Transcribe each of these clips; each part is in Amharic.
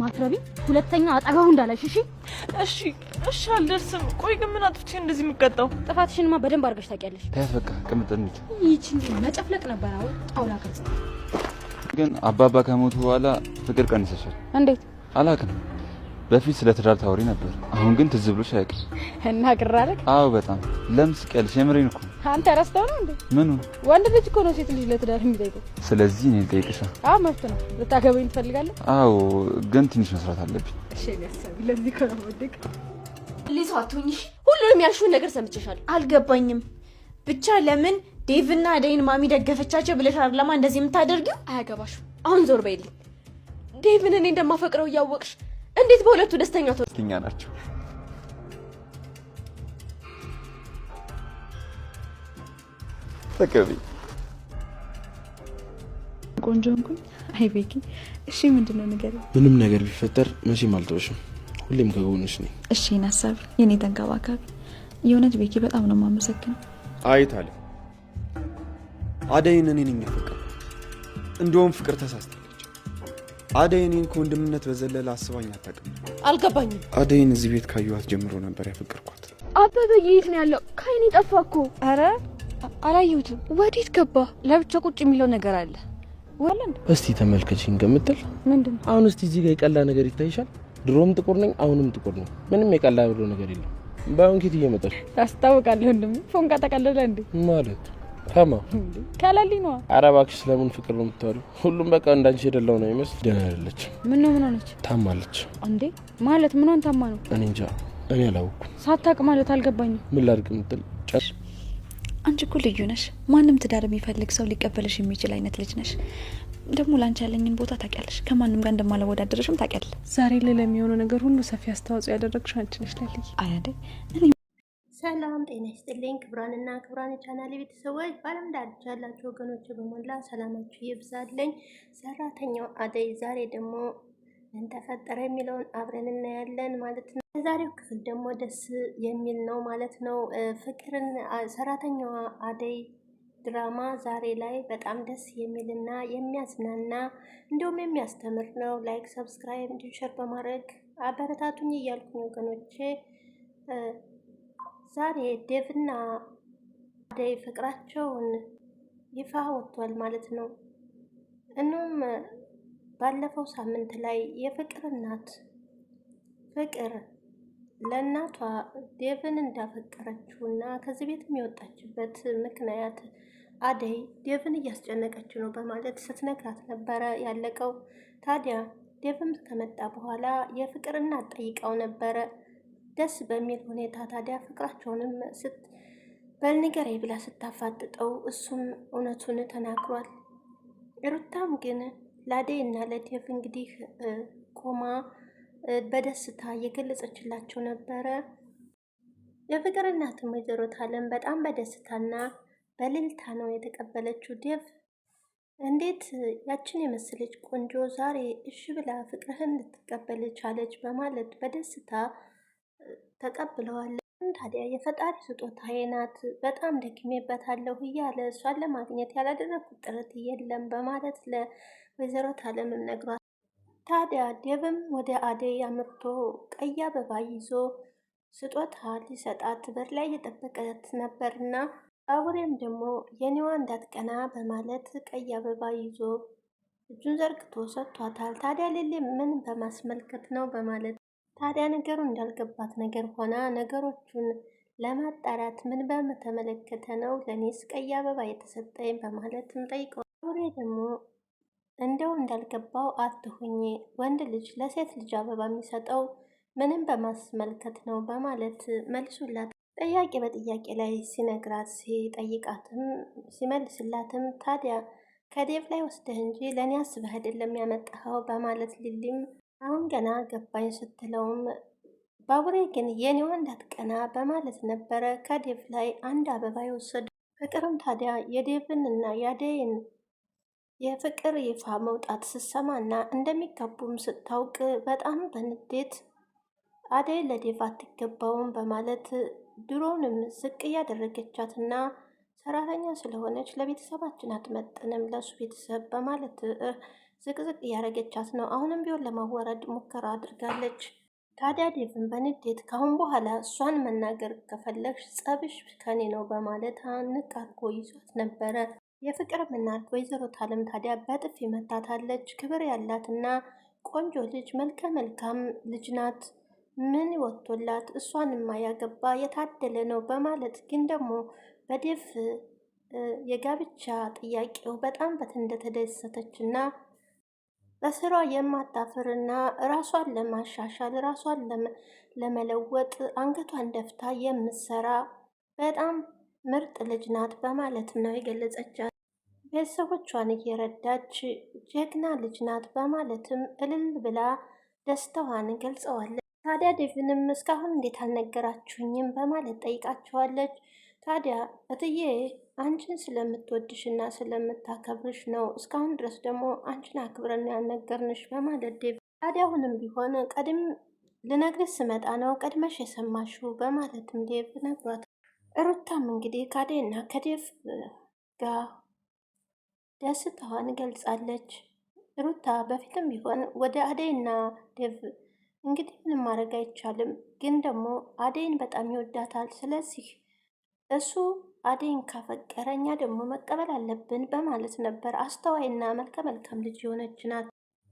ማትረቢ ሁለተኛ አጠገቡ እንዳለሽ። እሺ እሺ እሺ፣ አልደርስም። ቆይ ግን ምን አጥፍቼ እንደዚህ የምቀጣው? ጥፋትሽንማ በደንብ አድርገሽ ታውቂያለሽ። ተያት በቃ ቅምጥ። ይቺን መጨፍለቅ ነበር። አሁን ጣውላ ከስ ግን አባባ ከሞቱ በኋላ ፍቅር ቀንሰሻል። እንዴት አላውቅም። በፊት ስለ ትዳር ታወሪ ነበር፣ አሁን ግን ትዝ ብሎሽ አያውቅም። እና ግራ አለክ። አዎ በጣም ለምስቀልሽ። የምሬን እኮ አንተ ረስተው ነው እንዴ? ምኑ ወንድ ልጅ እኮ ነው ሴት ልጅ ለትዳር የሚጠይቀው። ስለዚህ እኔ ልጠይቅሽ። አዎ መብት ነው። ልታገበኝ ትፈልጋለህ? አዎ ግን ትንሽ መስራት አለብኝ። እሺ ያሰብ ለዚህ እኮ ነው ወደቅ ሊቷ አትሁኝሽ። ሁሉንም ያልሽውን ነገር ሰምቼሻለሁ። አልገባኝም ብቻ ለምን ዴቭና አደይን ማሚ ደገፈቻቸው ብለሽ አይደለማ እንደዚህ የምታደርጊው። አያገባሽም። አሁን ዞር በይልኝ። ዴቭን እኔ እንደማፈቅረው እያወቅሽ እንዴት በሁለቱ ደስተኛ ናቸው? ተቀቢ ቆንጆ እንኩኝ። አይ ቤኪ፣ እሺ ምንድነው ነገር? ምንም ነገር ቢፈጠር መቼም አልተወሽም፣ ሁሌም ከጎንሽ ነኝ። እሺ ሀሳብ የኔ ተንከባካቢ። የእውነት ቤኪ በጣም ነው የማመሰግነው። አይታለም አደይን እኔን የሚያፈቅር እንደውም ፍቅር ተሳስታለች። አደይ እኔን ከወንድምነት በዘለለ አስባኝ አታቅም አልገባኝም። አደይን እዚህ ቤት ካየኋት ጀምሮ ነበር ያፈቅርኳት። አበበ የት ነው ያለው? ከአይኔ ጠፋኩ እኮ። አላየሁትም። ወዴት ገባ? ለብቻ ቁጭ የሚለው ነገር አለ። እስቲ ተመልከችኝ ከምትል ምንድን ነው አሁን? እስቲ እዚህ ጋር የቀላ ነገር ይታይሻል? ድሮም ጥቁር ነኝ፣ አሁንም ጥቁር ነኝ። ምንም የቀላ ብሎ ነገር የለም። ባይሆን ኬት እየመጣሽ ታስታውቃለህ። ወንድም ፎን ካጠቀለለ እንዴ ማለት ከማ ከለሊ ነዋ። ኧረ እባክሽ ስለምን ፍቅር ነው የምታወሪው? ሁሉም በቃ እንዳንቺ የደላው ነው ይመስል። ደህና አይደለች። ምን ነው ምን ሆነች? ታማለች እንዴ? ማለት ምኗን ታማ ነው? እኔ እንጃ፣ እኔ አላወኩም። ሳታውቅ ማለት አልገባኝም። ምን ላድርግ ምትል ጨርሽ አንቺ እኮ ልዩ ነሽ። ማንም ትዳር የሚፈልግ ሰው ሊቀበልሽ የሚችል አይነት ልጅ ነሽ። ደግሞ ላንቺ ያለኝን ቦታ ታውቂያለሽ። ከማንም ጋር እንደማለወዳደረሽም ታውቂያለሽ። ዛሬ ላይ ለሚሆነው ነገር ሁሉ ሰፊ አስተዋጽኦ ያደረግሽ አንቺ ነሽ። ላልይ አያደ ሰላም ጤና ይስጥልኝ። ክብራንና ክብራን የቻናል ቤተሰቦች በዓለም ዳርቻ ያላችሁ ወገኖች በሞላ ሰላማችሁ ይብዛልኝ። ሰራተኛው አደይ ዛሬ ደግሞ ምን ተፈጠረ የሚለውን አብረን እናያለን ማለት ነው። የዛሬው ክፍል ደግሞ ደስ የሚል ነው ማለት ነው። ፍቅርን ሰራተኛዋ አደይ ድራማ ዛሬ ላይ በጣም ደስ የሚልና የሚያዝናና እንዲሁም የሚያስተምር ነው። ላይክ ሰብስክራይብ፣ እንዲሁም ሸር በማድረግ አበረታቱኝ እያልኩኝ ወገኖቼ ዛሬ ዴቭና አደይ ፍቅራቸውን ይፋ ወጥቷል ማለት ነው። እኖም ባለፈው ሳምንት ላይ የፍቅር እናት ፍቅር ለእናቷ ዴቭን እንዳፈቀረችው እና ከዚህ ቤት የሚወጣችበት ምክንያት አደይ ዴቭን እያስጨነቀችው ነው በማለት ስትነግራት ነበረ ያለቀው። ታዲያ ዴቭም ከመጣ በኋላ የፍቅር እናት ጠይቀው ነበረ። ደስ በሚል ሁኔታ ታዲያ ፍቅራቸውንም ስት በልንገሬ ብላ ስታፋጥጠው እሱም እውነቱን ተናግሯል። ሩታም ግን ለአደይ እና ለዴቭ እንግዲህ ቆማ በደስታ እየገለጸችላቸው ነበረ። የፍቅር እናትም ወይዘሮ ታለም በጣም በደስታና በልልታ ነው የተቀበለችው። ዴቭ እንዴት ያችን የመሰለች ቆንጆ ዛሬ እሺ ብላ ፍቅርህን ልትቀበል ቻለች? በማለት በደስታ ተቀብለዋለን። ታዲያ የፈጣሪ ስጦታዬ ናት፣ በጣም ደክሜበታለሁ እያለ እሷን ለማግኘት ያላደረኩት ጥረት የለም በማለት ወይዘሮ ታለምም ነግሯል። ታዲያ ዴብም ወደ አደይ አምርቶ ቀይ አበባ ይዞ ስጦታ ሊሰጣት በር ላይ እየጠበቀት ነበርና አውሬም ደግሞ የኔዋ እንዳትቀና በማለት ቀይ አበባ ይዞ እጁን ዘርግቶ ሰጥቷታል። ታዲያ ሌሌ ምን በማስመልከት ነው በማለት ታዲያ ነገሩ እንዳልገባት ነገር ሆና ነገሮቹን ለማጣራት ምን በመተመለከተ ነው ለእኔስ ቀይ አበባ የተሰጠኝ በማለትም ጠይቀው አውሬ ደግሞ እንደው እንዳልገባው አትሁኝ፣ ወንድ ልጅ ለሴት ልጅ አበባ የሚሰጠው ምንም በማስመልከት ነው በማለት መልሱላት። ጥያቄ በጥያቄ ላይ ሲነግራት ሲጠይቃትም ሲመልስላትም ታዲያ ከዴቭ ላይ ወስደህ እንጂ ለእኔ አስበህ አይደለም ያመጣኸው በማለት ሊሊም አሁን ገና ገባኝ ስትለውም ባቡሬ ግን የኔዋ እንዳትቀና በማለት ነበረ ከዴቭ ላይ አንድ አበባ የወሰዱ ፍቅርም ታዲያ የዴቭን እና የአደይን የፍቅር ይፋ መውጣት ስትሰማና እንደሚጋቡም ስታውቅ በጣም በንዴት አደይ ለዴቭ አትገባውም በማለት ድሮንም ዝቅ እያደረገቻትና ሰራተኛ ስለሆነች ለቤተሰባችን አትመጥንም ለሱ ቤተሰብ በማለት ዝቅዝቅ እያደረገቻት ነው። አሁንም ቢሆን ለማዋረድ ሙከራ አድርጋለች። ታዲያ ዴቭን በንዴት ካሁን በኋላ እሷን መናገር ከፈለግሽ ጸብሽ ከኔ ነው በማለት አንቃርጎ ይዟት ነበረ። የፍቅርም እናት ወይዘሮ ታለም ታዲያ በጥፊ መታታለች። ክብር ያላትና ቆንጆ ልጅ መልከ መልካም ልጅ ናት። ምን ወቶላት እሷንማ ያገባ የታደለ ነው በማለት ግን ደግሞ በዴፍ የጋብቻ ጥያቄው በጣም በት እንደተደሰተች እና በስሯ የማታፍርና ራሷን ለማሻሻል ራሷን ለመለወጥ አንገቷን ደፍታ የምትሰራ በጣም ምርጥ ልጅ ናት በማለትም ነው የገለጸቻት። ቤተሰቦቿን እየረዳች ጀግና ልጅ ናት በማለትም እልል ብላ ደስታዋን ገልጸዋለች። ታዲያ ዴቭንም እስካሁን እንዴት አልነገራችሁኝም በማለት ጠይቃቸዋለች። ታዲያ እትዬ አንቺን ስለምትወድሽ እና ስለምታከብርሽ ነው እስካሁን ድረስ ደግሞ አንቺን አክብረን ያልነገርንሽ በማለት ዴቭ ታዲያ አሁንም ቢሆን ቀድም ልነግርሽ ስመጣ ነው ቀድመሽ የሰማሽው በማለትም ዴቭ ነግሯት ሩታም እንግዲህ እና ከዴፍ ጋር ደስታዋን ገልጻለች። ሩታ በፊትም ቢሆን ወደ አደይና ዴቭ እንግዲህ ምንም ማድረግ አይቻልም፣ ግን ደግሞ አደይን በጣም ይወዳታል። ስለዚህ እሱ አደይን ካፈቀረ እኛ ደግሞ መቀበል አለብን በማለት ነበር። አስተዋይና መልከ መልካም ልጅ የሆነች ናት።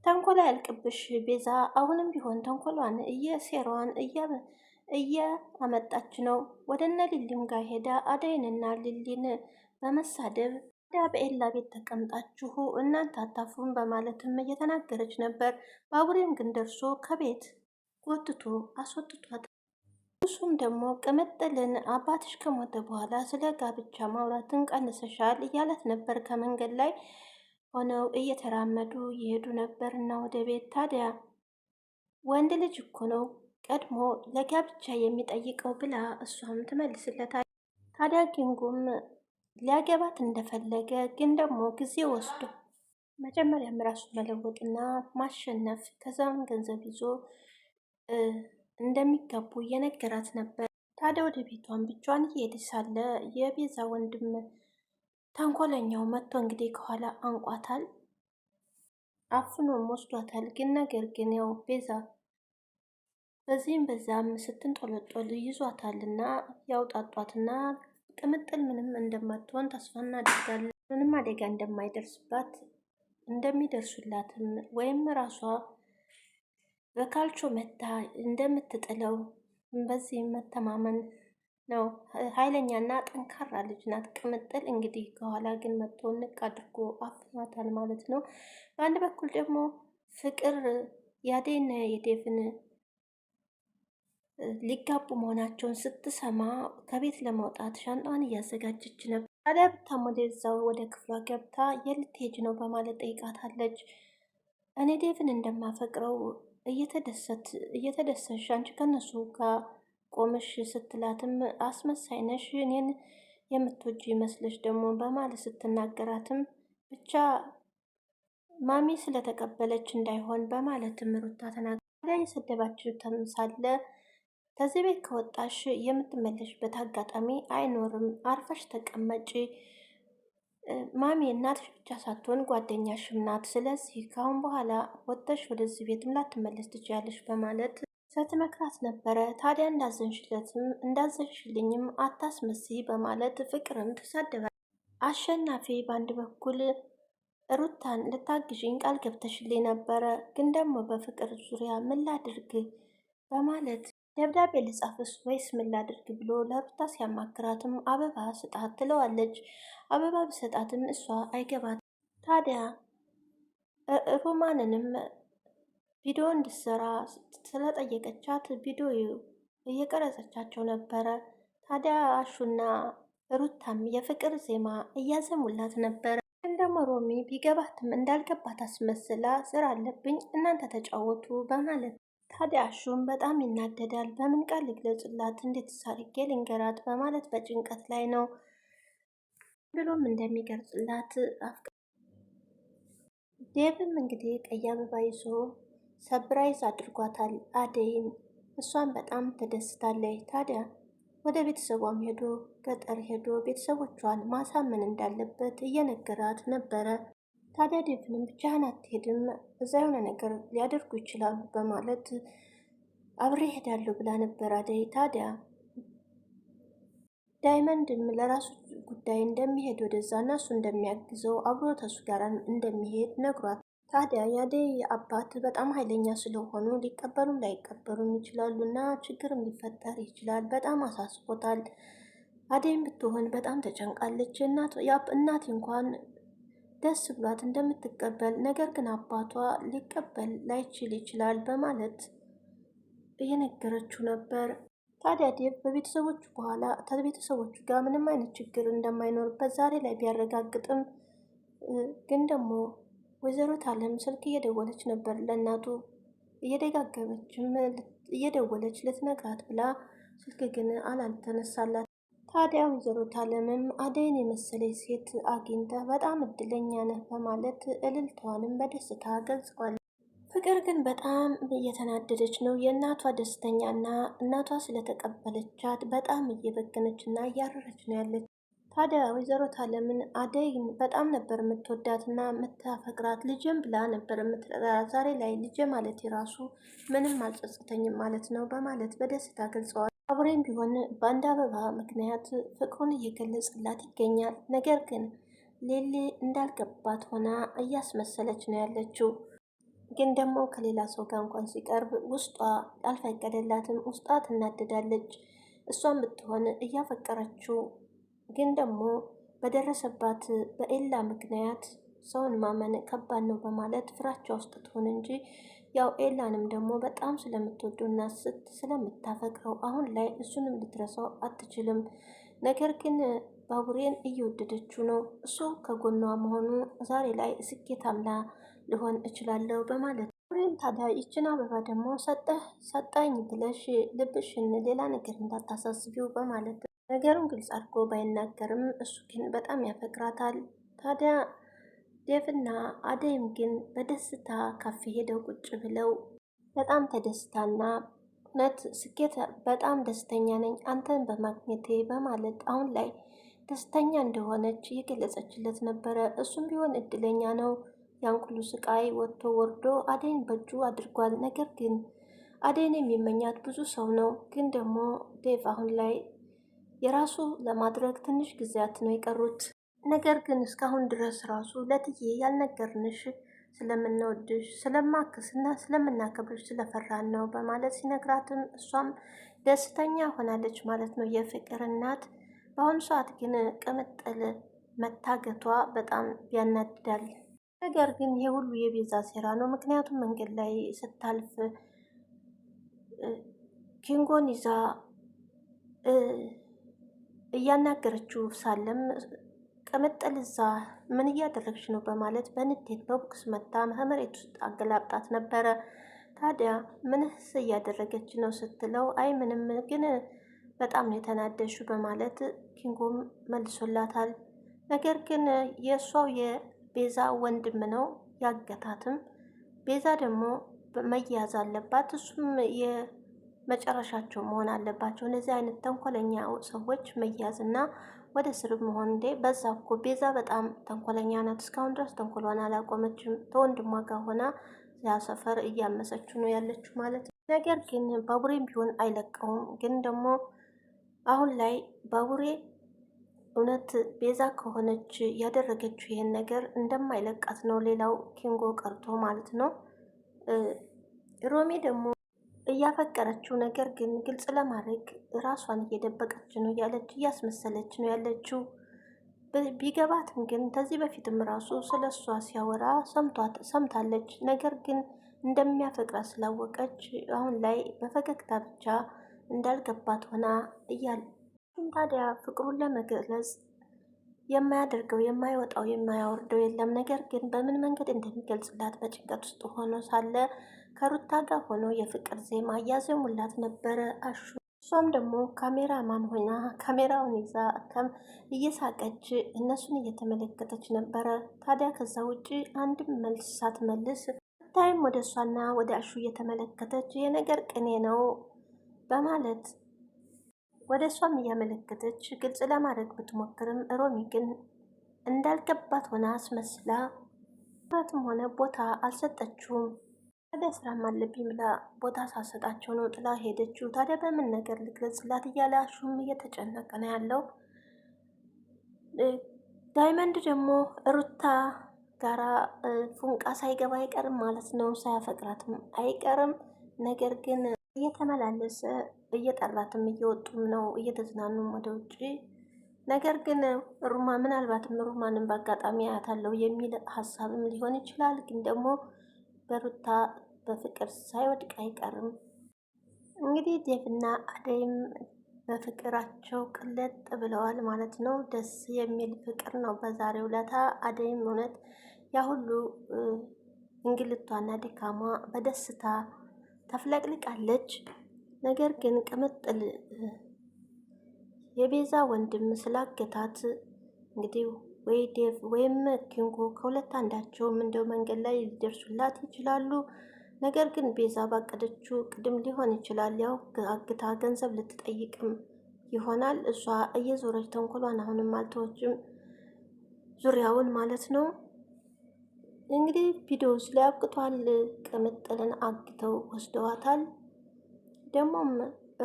ተንኮላ ያልቅብሽ ቤዛ። አሁንም ቢሆን ተንኮሏን እየሴሯን እያ አመጣች ነው። ወደ እነ ሊሊም ጋር ሄዳ አደይንና ሊሊን በመሳደብ በኤላ ቤት ተቀምጣችሁ እናንተ አታፉም በማለትም እየተናገረች ነበር። ባቡሬም ግን ደርሶ ከቤት ጎትቶ አስወጥቷት እሱም ደግሞ ቅምጥልን አባትሽ ከሞተ በኋላ ስለ ጋብቻ ማውራትን ቀንሰሻል እያላት ነበር። ከመንገድ ላይ ሆነው እየተራመዱ ይሄዱ ነበር እና ወደ ቤት ታዲያ ወንድ ልጅ እኮ ነው ቀድሞ ለጋብቻ የሚጠይቀው ብላ እሷም ትመልስለታል። ታዲያ ኪንጉም ሊያገባት እንደፈለገ ግን ደግሞ ጊዜ ወስዶ መጀመሪያም ራሱ መለወጥና ማሸነፍ ከዛም ገንዘብ ይዞ እንደሚጋቡ እየነገራት ነበር። ታዲያ ወደ ቤቷን ብቻዋን እየሄደች ሳለ የቤዛ ወንድም ተንኮለኛው መጥቶ እንግዲህ ከኋላ አንቋታል፣ አፍኖም ወስዷታል። ግን ነገር ግን ያው ቤዛ በዚህም በዛም ስትንጦለጦል ይዟታልና ያውጣጧትና ቅምጥል ምንም እንደማትሆን ተስፋ እናደርጋለን። ምንም አደጋ እንደማይደርስባት እንደሚደርሱላትም ወይም ራሷ በካልቾ መታ እንደምትጥለው በዚህም መተማመን ነው። ኃይለኛና ጠንካራ ልጅ ናት ቅምጥል። እንግዲህ ከኋላ ግን መጥቶ ንቅ አድርጎ አፍኗታል ማለት ነው። በአንድ በኩል ደግሞ ፍቅር ያዴን የዴፍን ሊጋቡ መሆናቸውን ስትሰማ ከቤት ለመውጣት ሻንጣዋን እያዘጋጀች ነበር። አለብ ታሞዴል ወደ ክፍሏ ገብታ የልትሄጅ ነው በማለት ጠይቃታለች። እኔ ዴቭን እንደማፈቅረው እየተደሰሽ አንቺ ከነሱ ጋር ቆምሽ ስትላትም አስመሳይ ነሽ እኔን የምትወጂ ይመስለች ደግሞ በማለት ስትናገራትም ብቻ ማሚ ስለተቀበለች እንዳይሆን በማለትም ሩታ ተናግራ የሰደባችሁትም ተምሳለ ከዚህ ቤት ከወጣሽ የምትመለሽበት አጋጣሚ አይኖርም። አርፈሽ ተቀመጪ። ማሚ እናትሽ ብቻ ሳትሆን ጓደኛሽም ናት። ስለዚህ ከአሁን በኋላ ወጥተሽ ወደዚህ ቤትም ላትመለስ ትችያለሽ በማለት ስትመክራት ነበረ። ታዲያ እንዳዘንሽለትም እንዳዘንሽልኝም አታስመሲ በማለት ፍቅርም ትሳደባል። አሸናፊ በአንድ በኩል ሩታን ልታግዥኝ ቃል ገብተሽልኝ ነበረ፣ ግን ደግሞ በፍቅር ዙሪያ ምን ላድርግ በማለት ደብዳቤ ልጻፍስ ወይስ ምን ላድርግ ብሎ ለሩታ ሲያማክራትም አበባ ስጣት ትለዋለች። አበባ ብሰጣትም እሷ አይገባት። ታዲያ ሮማንንም ቪዲዮ እንድሰራ ስለጠየቀቻት ቪዲዮ እየቀረጸቻቸው ነበረ። ታዲያ አሹና ሩታም የፍቅር ዜማ እያዘሙላት ነበረ። ደግሞ ሮሚ ቢገባትም እንዳልገባት አስመስላ ስራ አለብኝ እናንተ ተጫወቱ በማለት ታዲያ አሹም በጣም ይናደዳል። በምን ቃል ልግለጽላት፣ እንዴት ሳርጌ ልንገራት በማለት በጭንቀት ላይ ነው። ብሎም እንደሚገልጽላት ዴብም እንግዲህ ቀይ አበባ ይዞ ሰብራይዝ አድርጓታል አደይን። እሷን በጣም ተደስታለች። ታዲያ ወደ ቤተሰቧም ሄዶ ገጠር ሄዶ ቤተሰቦቿን ማሳመን እንዳለበት እየነገራት ነበረ። ታዲያ ዴቭንም ብቻህን አትሄድም፣ እዛ የሆነ ነገር ሊያደርጉ ይችላሉ በማለት አብሬ ሄዳለሁ ብላ ነበር አደይ። ታዲያ ዳይመንድም ለራሱ ጉዳይ እንደሚሄድ ወደዛ እና እሱ እንደሚያግዘው አብሮ ተሱ ጋር እንደሚሄድ ነግሯት፣ ታዲያ የአደይ አባት በጣም ኃይለኛ ስለሆኑ ሊቀበሉም ላይቀበሉም ይችላሉ እና ችግርም ሊፈጠር ይችላል። በጣም አሳስቦታል። አደይም ብትሆን በጣም ተጨንቃለች። እናት እንኳን ደስ ብሏት እንደምትቀበል ነገር ግን አባቷ ሊቀበል ላይችል ይችላል በማለት እየነገረችው ነበር። ታዲያ ዴቭ በቤተሰቦቹ በኋላ ከቤተሰቦቹ ጋር ምንም አይነት ችግር እንደማይኖርበት ዛሬ ላይ ቢያረጋግጥም ግን ደግሞ ወይዘሮ ታለም ስልክ እየደወለች ነበር ለእናቱ እየደጋገመችም እየደወለች ልትነግራት ብላ ስልክ ግን አላልተነሳላት። ታዲያ ወይዘሮ ታለምም አደይን የመሰለች ሴት አግኝተ በጣም እድለኛ ነህ በማለት እልልታዋንም በደስታ ገልጿል። ፍቅር ግን በጣም እየተናደደች ነው። የእናቷ ደስተኛ እና እናቷ ስለተቀበለቻት በጣም እየበገነች እና እያረረች ነው ያለች። ታዲያ ወይዘሮ ታለምን አደይን በጣም ነበር የምትወዳት እና የምታፈቅራት ልጅም ብላ ነበር የምትጠራ። ዛሬ ላይ ልጅ ማለት የራሱ ምንም አልጸጸተኝም ማለት ነው በማለት በደስታ ገልጸዋል። አብሬም ቢሆን በአንድ አበባ ምክንያት ፍቅሩን እየገለጸላት ይገኛል። ነገር ግን ሌሌ እንዳልገባት ሆና እያስመሰለች ነው ያለችው። ግን ደግሞ ከሌላ ሰው ጋር እንኳን ሲቀርብ ውስጧ አልፈቀደላትም። ውስጧ ትናደዳለች። እሷም ብትሆን እያፈቀረችው ግን ደግሞ በደረሰባት በኤላ ምክንያት ሰውን ማመን ከባድ ነው በማለት ፍራቻ ውስጥ ትሆን እንጂ ያው ኤላንም ደግሞ በጣም ስለምትወደውና ስለምታፈቅረው አሁን ላይ እሱንም ልትረሳው አትችልም። ነገር ግን ባቡሬን እየወደደችው ነው። እሱ ከጎኗ መሆኑ ዛሬ ላይ ስኬታማ ልሆን እችላለሁ በማለት ባቡሬን ታዲያ ይችን አበባ ደግሞ ሰጠህ ሰጣኝ ብለሽ ልብሽን ሌላ ነገር እንዳታሳስቢው በማለት ነገሩን ግልጽ አድርጎ ባይናገርም እሱ ግን በጣም ያፈቅራታል ታዲያ ዴቭና አደይም ግን በደስታ ካፌ ሄደው ቁጭ ብለው በጣም ተደስታና እውነት ስኬት በጣም ደስተኛ ነኝ አንተን በማግኘቴ በማለት አሁን ላይ ደስተኛ እንደሆነች እየገለጸችለት ነበረ። እሱም ቢሆን እድለኛ ነው። ያንኩሉ ስቃይ ወጥቶ ወርዶ አደይን በእጁ አድርጓል። ነገር ግን አደይን የሚመኛት ብዙ ሰው ነው። ግን ደግሞ ዴቭ አሁን ላይ የራሱ ለማድረግ ትንሽ ጊዜያት ነው የቀሩት። ነገር ግን እስካሁን ድረስ ራሱ ለትዬ ያልነገርንሽ ስለምንወድሽ ስለማክስና ስለምናከብርሽ ስለፈራን ነው በማለት ሲነግራትም እሷም ደስተኛ ሆናለች ማለት ነው። የፍቅር እናት በአሁኑ ሰዓት ግን ቅምጥል መታገቷ በጣም ያናድዳል። ነገር ግን ይሄ ሁሉ የቤዛ ሴራ ነው። ምክንያቱም መንገድ ላይ ስታልፍ ኪንጎን ይዛ እያናገረችው ሳለም ቅምጥል እዛ ምን እያደረግሽ ነው በማለት በንዴት በቦክስ መታ መመሬት ውስጥ አገላብጣት ነበረ። ታዲያ ምንስ እያደረገች ነው ስትለው አይ ምንም፣ ግን በጣም ነው የተናደሹ በማለት ኪንጎም መልሶላታል። ነገር ግን የእሷው የቤዛ ወንድም ነው ያገታትም። ቤዛ ደግሞ መያዝ አለባት፣ እሱም የመጨረሻቸው መሆን አለባቸው። እነዚህ አይነት ተንኮለኛ ሰዎች መያዝና ወደ ስርብ መሆን እንዴ በዛ እኮ ቤዛ በጣም ተንኮለኛ ናት። እስካሁን ድረስ ተንኮሏን አላቆመችም። ተወንድሟ ጋር ሆና ያ ሰፈር እያመሰችው ነው ያለችው ማለት ነው። ነገር ግን ባቡሬም ቢሆን አይለቀውም። ግን ደግሞ አሁን ላይ ባቡሬ እውነት ቤዛ ከሆነች ያደረገችው ይሄን ነገር እንደማይለቃት ነው ሌላው ኪንጎ ቀርቶ ማለት ነው። ሮሚ ደግሞ እያፈቀረችው ነገር ግን ግልጽ ለማድረግ ራሷን እየደበቀች ነው ያለች እያስመሰለች ነው ያለችው። ቢገባትም ግን ከዚህ በፊትም ራሱ ስለ እሷ ሲያወራ ሰምታለች። ነገር ግን እንደሚያፈቅራ ስላወቀች አሁን ላይ በፈገግታ ብቻ እንዳልገባት ሆና እያለ ታዲያ ፍቅሩን ለመግለጽ የማያደርገው የማይወጣው የማያወርደው የለም። ነገር ግን በምን መንገድ እንደሚገልጽላት በጭንቀት ውስጥ ሆኖ ሳለ ከሩታ ጋር ሆኖ የፍቅር ዜማ እያዜሙላት ነበረ አሹ። እሷም ደግሞ ካሜራማን ሆና ካሜራውን ይዛ እየሳቀች እነሱን እየተመለከተች ነበረ። ታዲያ ከዛ ውጭ አንድም መልስ ሳትመልስ ታይም ወደ እሷና ወደ አሹ እየተመለከተች የነገር ቅኔ ነው በማለት ወደ እሷም እያመለከተች ግልጽ ለማድረግ ብትሞክርም ሮሚ ግን እንዳልገባት ሆና አስመስላ ትኩረትም ሆነ ቦታ አልሰጠችውም። ታዲያ ስራም አለብኝ ብላ ቦታ ሳሰጣቸው ነው ጥላ ሄደችው። ታዲያ በምን ነገር ልግለጽላት እያለ አሹም እየተጨነቀ ነው ያለው። ዳይመንድ ደግሞ ሩታ ጋራ ፉንቃ ሳይገባ አይቀርም ማለት ነው፣ ሳያፈቅራትም አይቀርም። ነገር ግን እየተመላለሰ እየጠራትም እየወጡም ነው እየተዝናኑም ወደ ውጭ። ነገር ግን ሩማ ምናልባትም ሩማንም በአጋጣሚ አያታለው የሚል ሀሳብም ሊሆን ይችላል። ግን ደግሞ በሩታ በፍቅር ሳይወድቅ አይቀርም። እንግዲህ ዴቭና አደይም በፍቅራቸው ቅለጥ ብለዋል ማለት ነው። ደስ የሚል ፍቅር ነው በዛሬው ዕለት። አደይም እውነት ያ ሁሉ እንግልቷና ድካሟ በደስታ ተፍለቅልቃለች። ነገር ግን ቅምጥል የቤዛ ወንድም ስላገታት እንግዲህ ወይ ዴቭ ወይም ኪንጎ ከሁለት አንዳቸውም እንደው መንገድ ላይ ሊደርሱላት ይችላሉ። ነገር ግን ቤዛ ባቀደችው ቅድም ሊሆን ይችላል። ያው አግታ ገንዘብ ልትጠይቅም ይሆናል። እሷ እየዞረች ተንኮሏን አሁንም አልተወችም፣ ዙሪያውን ማለት ነው። እንግዲህ ቪዲዮ ላይ አብቅቷል። ቅምጥልን አግተው ወስደዋታል። ደግሞም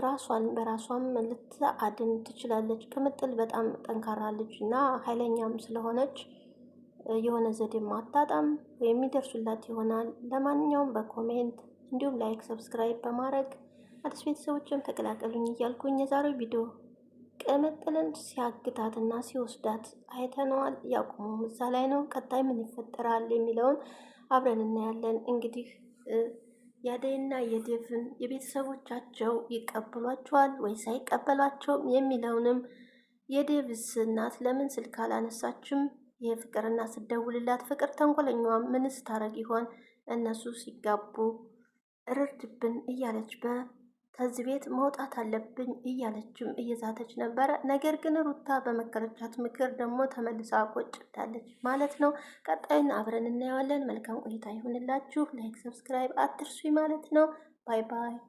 ራሷን በራሷም ልትአድን ትችላለች። ቅምጥል በጣም ጠንካራ ልጅ እና ኃይለኛም ስለሆነች የሆነ ዘዴ ማጣጣም የሚደርሱላት ይሆናል። ለማንኛውም በኮሜንት እንዲሁም ላይክ፣ ሰብስክራይብ በማድረግ አዲስ ቤተሰቦችም ተቀላቀሉኝ እያልኩኝ የዛሬው ቪዲዮ ቅምጥልን ሲያግታትና ሲወስዳት አይተነዋል። ያቁሙ እዛ ላይ ነው። ቀጣይ ምን ይፈጠራል የሚለውን አብረን እናያለን። እንግዲህ የአደይና የዴቭን የቤተሰቦቻቸው ይቀበሏቸዋል ወይስ አይቀበሏቸውም የሚለውንም የዴቭስ እናት ለምን ስልክ አላነሳችም ይሄ ፍቅርና ስደውልላት ፍቅር ተንኮለኛዋ ምን ስታረግ ይሆን? እነሱ ሲጋቡ እርድብን እያለች ከዚህ ቤት መውጣት አለብኝ እያለችም እየዛተች ነበረ። ነገር ግን ሩታ በመከረቻት ምክር ደግሞ ተመልሳ ቁጭ ብላለች ማለት ነው። ቀጣይን አብረን እናየዋለን። መልካም ቆይታ ይሁንላችሁ። ላይክ፣ ሰብስክራይብ አትርሱ ማለት ነው። ባይ ባይ